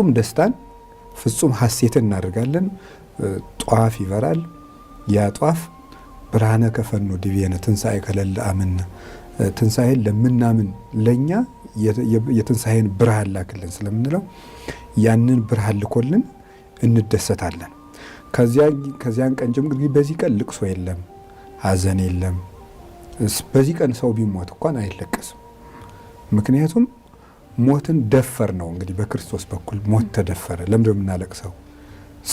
ፍጹም ደስታን ፍጹም ሐሴትን እናደርጋለን። ጧፍ ይበራል። ያ ጧፍ ብርሃነ ከፈኑ ዲቤነ ትንሣኤ ከለለ አምን ትንሣኤን ለምናምን ለእኛ የትንሣኤን ብርሃን ላክልን ስለምንለው ያንን ብርሃን ልኮልን እንደሰታለን። ከዚያን ቀን ጀምሮ እንግዲህ በዚህ ቀን ልቅሶ የለም፣ ሐዘን የለም። በዚህ ቀን ሰው ቢሞት እንኳን አይለቀስም። ምክንያቱም ሞትን ደፈር ነው እንግዲህ በክርስቶስ በኩል ሞት ተደፈረ። ለምንድ የምናለቅሰው?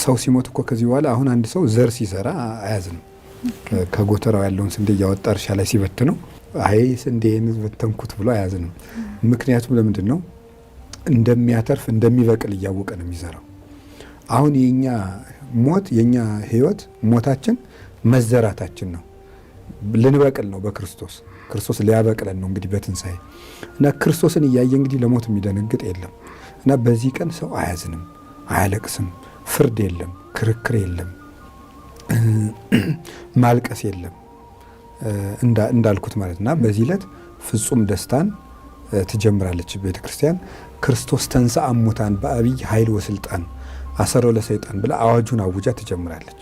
ሰው ሲሞት እኮ ከዚህ በኋላ አሁን አንድ ሰው ዘር ሲዘራ አያዝንም። ከጎተራው ያለውን ስንዴ እያወጣ እርሻ ላይ ሲበት ነው አይ ስንዴን በተንኩት ብሎ አያዝንም። ምክንያቱም ለምንድን ነው እንደሚያተርፍ እንደሚበቅል እያወቀ ነው የሚዘራው። አሁን የኛ ሞት የኛ ህይወት ሞታችን መዘራታችን ነው። ልንበቅል ነው በክርስቶስ ክርስቶስ ሊያበቅለን ነው እንግዲህ በትንሣኤ እና ክርስቶስን እያየ እንግዲህ ለሞት የሚደነግጥ የለም እና በዚህ ቀን ሰው አያዝንም፣ አያለቅስም፣ ፍርድ የለም፣ ክርክር የለም፣ ማልቀስ የለም እንዳልኩት ማለት እና በዚህ ዕለት ፍጹም ደስታን ትጀምራለች ቤተ ክርስቲያን። ክርስቶስ ተንሥአ እሙታን በአብይ ኃይል ወስልጣን አሰረው ለሰይጣን ብላ አዋጁን አውጃ ትጀምራለች።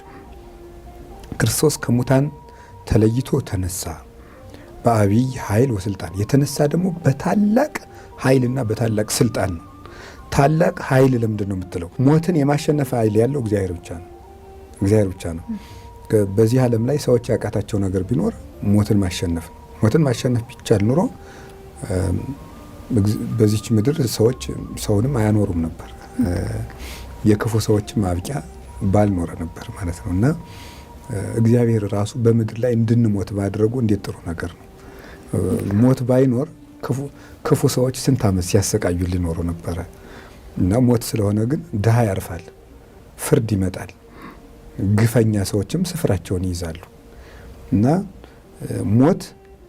ክርስቶስ ከሙታን ተለይቶ ተነሳ በአብይ ኃይል ወስልጣን የተነሳ ደግሞ በታላቅ ኃይልና በታላቅ ስልጣን ነው። ታላቅ ኃይል ለምንድን ነው የምትለው? ሞትን የማሸነፍ ኃይል ያለው እግዚአብሔር ብቻ ነው። እግዚአብሔር ብቻ ነው። በዚህ ዓለም ላይ ሰዎች ያቃታቸው ነገር ቢኖር ሞትን ማሸነፍ ነው። ሞትን ማሸነፍ ቢቻል ኑሮ በዚች ምድር ሰዎች ሰውንም አያኖሩም ነበር፣ የክፉ ሰዎችም ማብቂያ ባልኖረ ነበር ማለት ነው እና እግዚአብሔር ራሱ በምድር ላይ እንድንሞት ማድረጉ እንዴት ጥሩ ነገር ነው። ሞት ባይኖር ክፉ ሰዎች ስንት አመት ሲያሰቃዩ ሊኖሩ ነበረ እና ሞት ስለሆነ ግን ድሀ ያርፋል፣ ፍርድ ይመጣል፣ ግፈኛ ሰዎችም ስፍራቸውን ይይዛሉ እና ሞት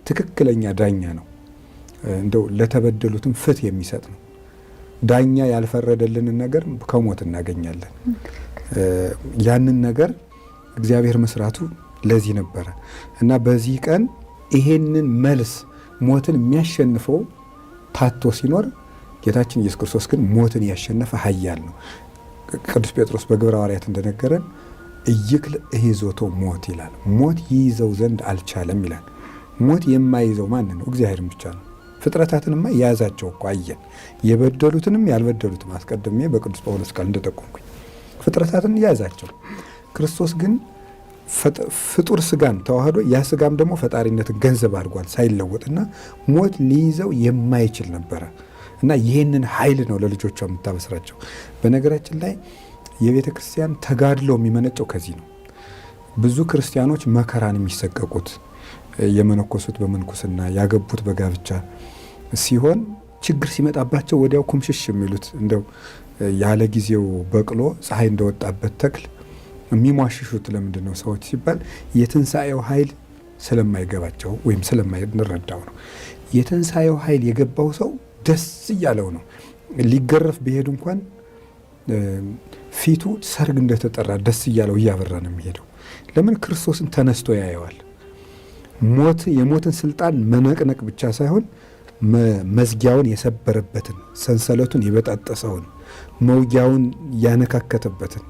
ትክክለኛ ዳኛ ነው። እንደው ለተበደሉትም ፍት የሚሰጥ ነው። ዳኛ ያልፈረደልንን ነገር ከሞት እናገኛለን። ያንን ነገር እግዚአብሔር መስራቱ ለዚህ ነበረ እና በዚህ ቀን ይሄንን መልስ ሞትን የሚያሸንፈው ታቶ ሲኖር ጌታችን ኢየሱስ ክርስቶስ ግን ሞትን ያሸነፈ ኃያል ነው። ቅዱስ ጴጥሮስ በግብረ ሐዋርያት እንደነገረን እይክል እይዞቶ ሞት ይላል። ሞት ይይዘው ዘንድ አልቻለም ይላል። ሞት የማይዘው ማን ነው? እግዚአብሔር ብቻ ነው። ፍጥረታትንማ የያዛቸው እኮ አየን። የበደሉትንም ያልበደሉትም አስቀድሜ በቅዱስ ጳውሎስ ቃል እንደጠቆምኩኝ ፍጥረታትን የያዛቸው ክርስቶስ ግን ፍጡር ስጋን ተዋህዶ ያ ስጋም ደግሞ ፈጣሪነትን ገንዘብ አድርጓል ሳይለወጥና ሞት ሊይዘው የማይችል ነበረ እና ይህንን ኃይል ነው ለልጆቿ የምታበስራቸው። በነገራችን ላይ የቤተ ክርስቲያን ተጋድሎ የሚመነጨው ከዚህ ነው። ብዙ ክርስቲያኖች መከራን የሚሰቀቁት የመነኮሱት በመንኩስና ያገቡት በጋብቻ ሲሆን ችግር ሲመጣባቸው ወዲያው ኩምሽሽ የሚሉት እንደው ያለ ጊዜው በቅሎ ፀሐይ እንደወጣበት ተክል የሚሟሽሹት ለምንድ ነው ሰዎች ሲባል የትንሣኤው ኃይል ስለማይገባቸው ወይም ስለማይረዳው ነው። የትንሣኤው ኃይል የገባው ሰው ደስ እያለው ነው። ሊገረፍ ቢሄድ እንኳን ፊቱ ሰርግ እንደተጠራ ደስ እያለው እያበራ ነው የሚሄደው። ለምን? ክርስቶስን ተነስቶ ያየዋል። ሞት የሞትን ስልጣን መነቅነቅ ብቻ ሳይሆን መዝጊያውን የሰበረበትን፣ ሰንሰለቱን የበጣጠሰውን፣ መውጊያውን ያነካከተበትን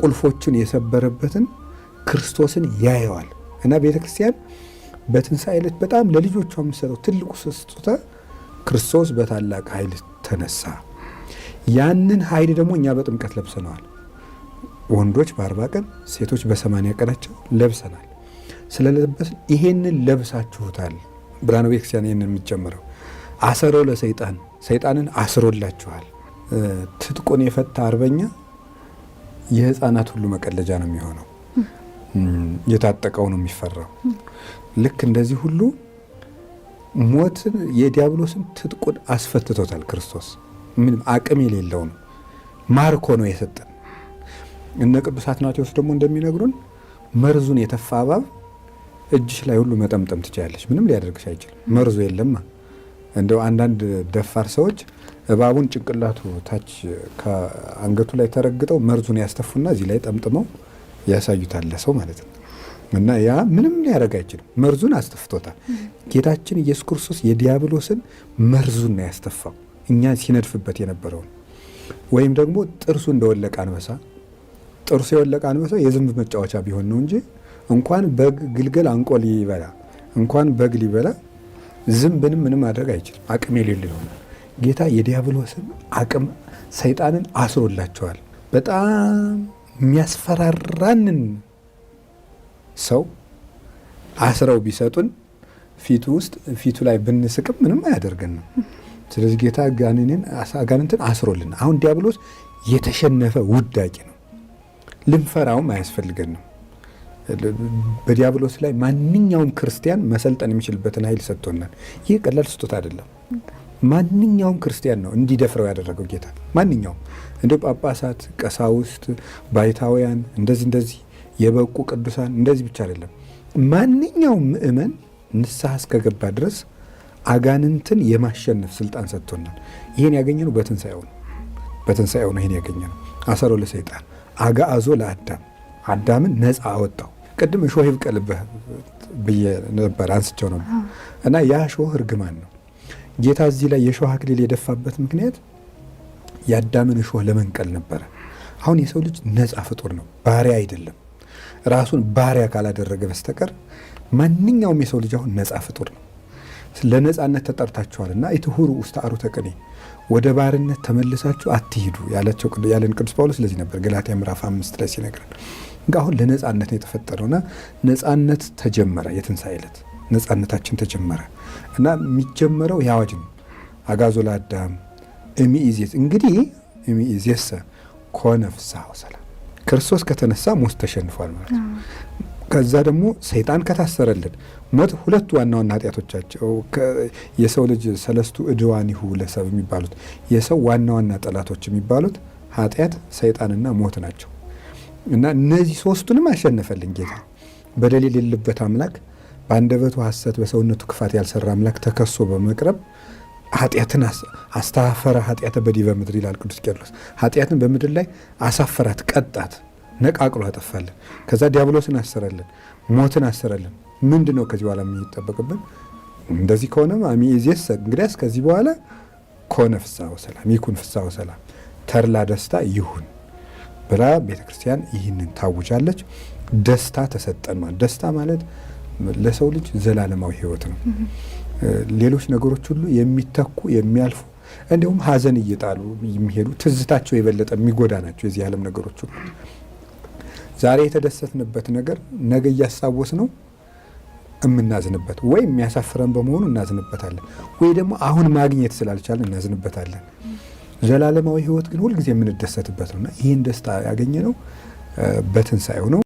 ቁልፎችን የሰበረበትን ክርስቶስን ያየዋል እና ቤተ ክርስቲያን በትንሣኤ ዕለት በጣም ለልጆቿ የምትሰጠው ትልቁ ስጦታ ክርስቶስ በታላቅ ኃይል ተነሳ። ያንን ኃይል ደግሞ እኛ በጥምቀት ለብሰነዋል። ወንዶች በአርባ ቀን ሴቶች በሰማንያ ቀናቸው ለብሰናል። ስለለበስን ይሄንን ለብሳችሁታል ብላ ነው ቤተክርስቲያን ይህንን የምትጀምረው። አሰሮ ለሰይጣን ሰይጣንን አስሮላችኋል። ትጥቁን የፈታ አርበኛ የህፃናት ሁሉ መቀለጃ ነው የሚሆነው። የታጠቀው ነው የሚፈራው። ልክ እንደዚህ ሁሉ ሞትን የዲያብሎስን ትጥቁን አስፈትቶታል ክርስቶስ። ምንም አቅም የሌለው ነው፣ ማርኮ ነው የሰጠን። እነ ቅዱስ አትናቴዎስ ደግሞ እንደሚነግሩን መርዙን የተፋ እባብ እጅሽ ላይ ሁሉ መጠምጠም ትችላለች፣ ምንም ሊያደርግሽ አይችልም። መርዙ የለማ እንደው አንዳንድ ደፋር ሰዎች እባቡን ጭንቅላቱ ታች ከአንገቱ ላይ ተረግጠው መርዙን ያስተፉና እዚህ ላይ ጠምጥመው ያሳዩታል ለሰው ማለት ነው። እና ያ ምንም ሊያደርግ አይችልም። መርዙን አስተፍቶታል። ጌታችን ኢየሱስ ክርስቶስ የዲያብሎስን መርዙን ነው ያስተፋው፣ እኛ ሲነድፍበት የነበረውን ወይም ደግሞ ጥርሱ እንደወለቀ አንበሳ ጥርሱ የወለቀ አንበሳ የዝንብ መጫወቻ ቢሆን ነው እንጂ እንኳን በግ ግልገል አንቆ ሊበላ እንኳን በግ ሊበላ ዝም ምንም ማድረግ አይችልም። አቅም የሌለው ይሆናል። ጌታ የዲያብሎስን አቅም ሰይጣንን አስሮላቸዋል። በጣም የሚያስፈራራንን ሰው አስረው ቢሰጡን ፊቱ ውስጥ ፊቱ ላይ ብንስቅም ምንም ነው። ስለዚህ ጌታ አጋንንትን አስሮልን። አሁን ዲያብሎስ የተሸነፈ ውዳቂ ነው። ልንፈራውም ነው። በዲያብሎስ ላይ ማንኛውም ክርስቲያን መሰልጠን የሚችልበትን ኃይል ሰጥቶናል። ይህ ቀላል ስጦታ አይደለም። ማንኛውም ክርስቲያን ነው እንዲደፍረው ያደረገው ጌታ። ማንኛውም እንደ ጳጳሳት፣ ቀሳውስት፣ ባይታውያን እንደዚህ እንደዚህ የበቁ ቅዱሳን እንደዚህ ብቻ አይደለም። ማንኛውም ምእመን ንስሐ እስከገባ ድረስ አጋንንትን የማሸነፍ ስልጣን ሰጥቶናል። ይህን ያገኘነው በትንሣኤው ነው። በትንሣኤው ነው ይህን ያገኘነው። አሰሮ ለሰይጣን አጋአዞ ለአዳም አዳምን ነፃ አወጣው። ቅድም እሾህ ይብቀልብህ ብዬ ነበር አንስቸው ነው እና ያ ሾህ እርግማን ነው። ጌታ እዚህ ላይ የሾህ አክሊል የደፋበት ምክንያት የአዳምን እሾህ ለመንቀል ነበረ። አሁን የሰው ልጅ ነጻ ፍጡር ነው፣ ባሪያ አይደለም። ራሱን ባሪያ ካላደረገ በስተቀር ማንኛውም የሰው ልጅ አሁን ነጻ ፍጡር ነው። ለነጻነት ተጠርታችኋል እና የትሁሩ ውስተ አርዑተ ቅኔ ወደ ባርነት ተመልሳችሁ አትሂዱ ያለን ቅዱስ ጳውሎስ ስለዚህ ነበር ገላትያ ምዕራፍ አምስት ላይ ሲነግረን እንግዲህ አሁን ለነጻነት ነው የተፈጠረውና ነጻነት ተጀመረ። የትንሣኤ ዕለት ነጻነታችን ተጀመረ እና የሚጀመረው የአዋጅ ነው። አጋዞ ለአዳም እሚኢዜስ እንግዲህ እሚኢዜስ ኮነ ፍስሐ ወሰላም ክርስቶስ ከተነሳ ሞት ተሸንፏል ማለት ነው። ከዛ ደግሞ ሰይጣን ከታሰረልን ሞት ሁለቱ ዋና ዋና ኃጢአቶቻቸው የሰው ልጅ ሰለስቱ እድዋን ይሁ ለሰብ የሚባሉት የሰው ዋና ዋና ጠላቶች የሚባሉት ኃጢአት ሰይጣንና ሞት ናቸው። እና እነዚህ ሶስቱንም አሸነፈልን ጌታ። በደል የሌለበት አምላክ፣ በአንደበቱ ሐሰት፣ በሰውነቱ ክፋት ያልሰራ አምላክ ተከሶ በመቅረብ ኃጢአትን አስተፈረ ኃጢአተ በዲበ ምድር ይላል ቅዱስ ቄርሎስ። ኃጢአትን በምድር ላይ አሳፈራት፣ ቀጣት፣ ነቃቅሎ አጠፋለን። ከዛ ዲያብሎስን አሰረልን፣ ሞትን አሰረልን። ምንድን ነው ከዚህ በኋላ የሚጠበቅብን? እንደዚህ ከሆነ ሚዜሰ እንግዲያስ ከዚህ በኋላ ከሆነ ፍስሐ ወሰላም ይኩን፣ ፍስሐ ወሰላም ተድላ ደስታ ይሁን። ብላ ቤተ ክርስቲያን ይህንን ታውጃለች። ደስታ ተሰጠን ማለት ደስታ ማለት ለሰው ልጅ ዘላለማዊ ህይወት ነው። ሌሎች ነገሮች ሁሉ የሚተኩ የሚያልፉ እንዲሁም ሀዘን እየጣሉ የሚሄዱ ትዝታቸው የበለጠ የሚጎዳ ናቸው የዚህ ዓለም ነገሮች ሁሉ። ዛሬ የተደሰትንበት ነገር ነገ እያሳወስ ነው የምናዝንበት ወይ የሚያሳፍረን በመሆኑ እናዝንበታለን፣ ወይ ደግሞ አሁን ማግኘት ስላልቻለን እናዝንበታለን። ዘላለማዊ ህይወት ግን ሁልጊዜ የምንደሰትበት ነውና ይህን ደስታ ያገኘ ነው በትንሳኤው ነው።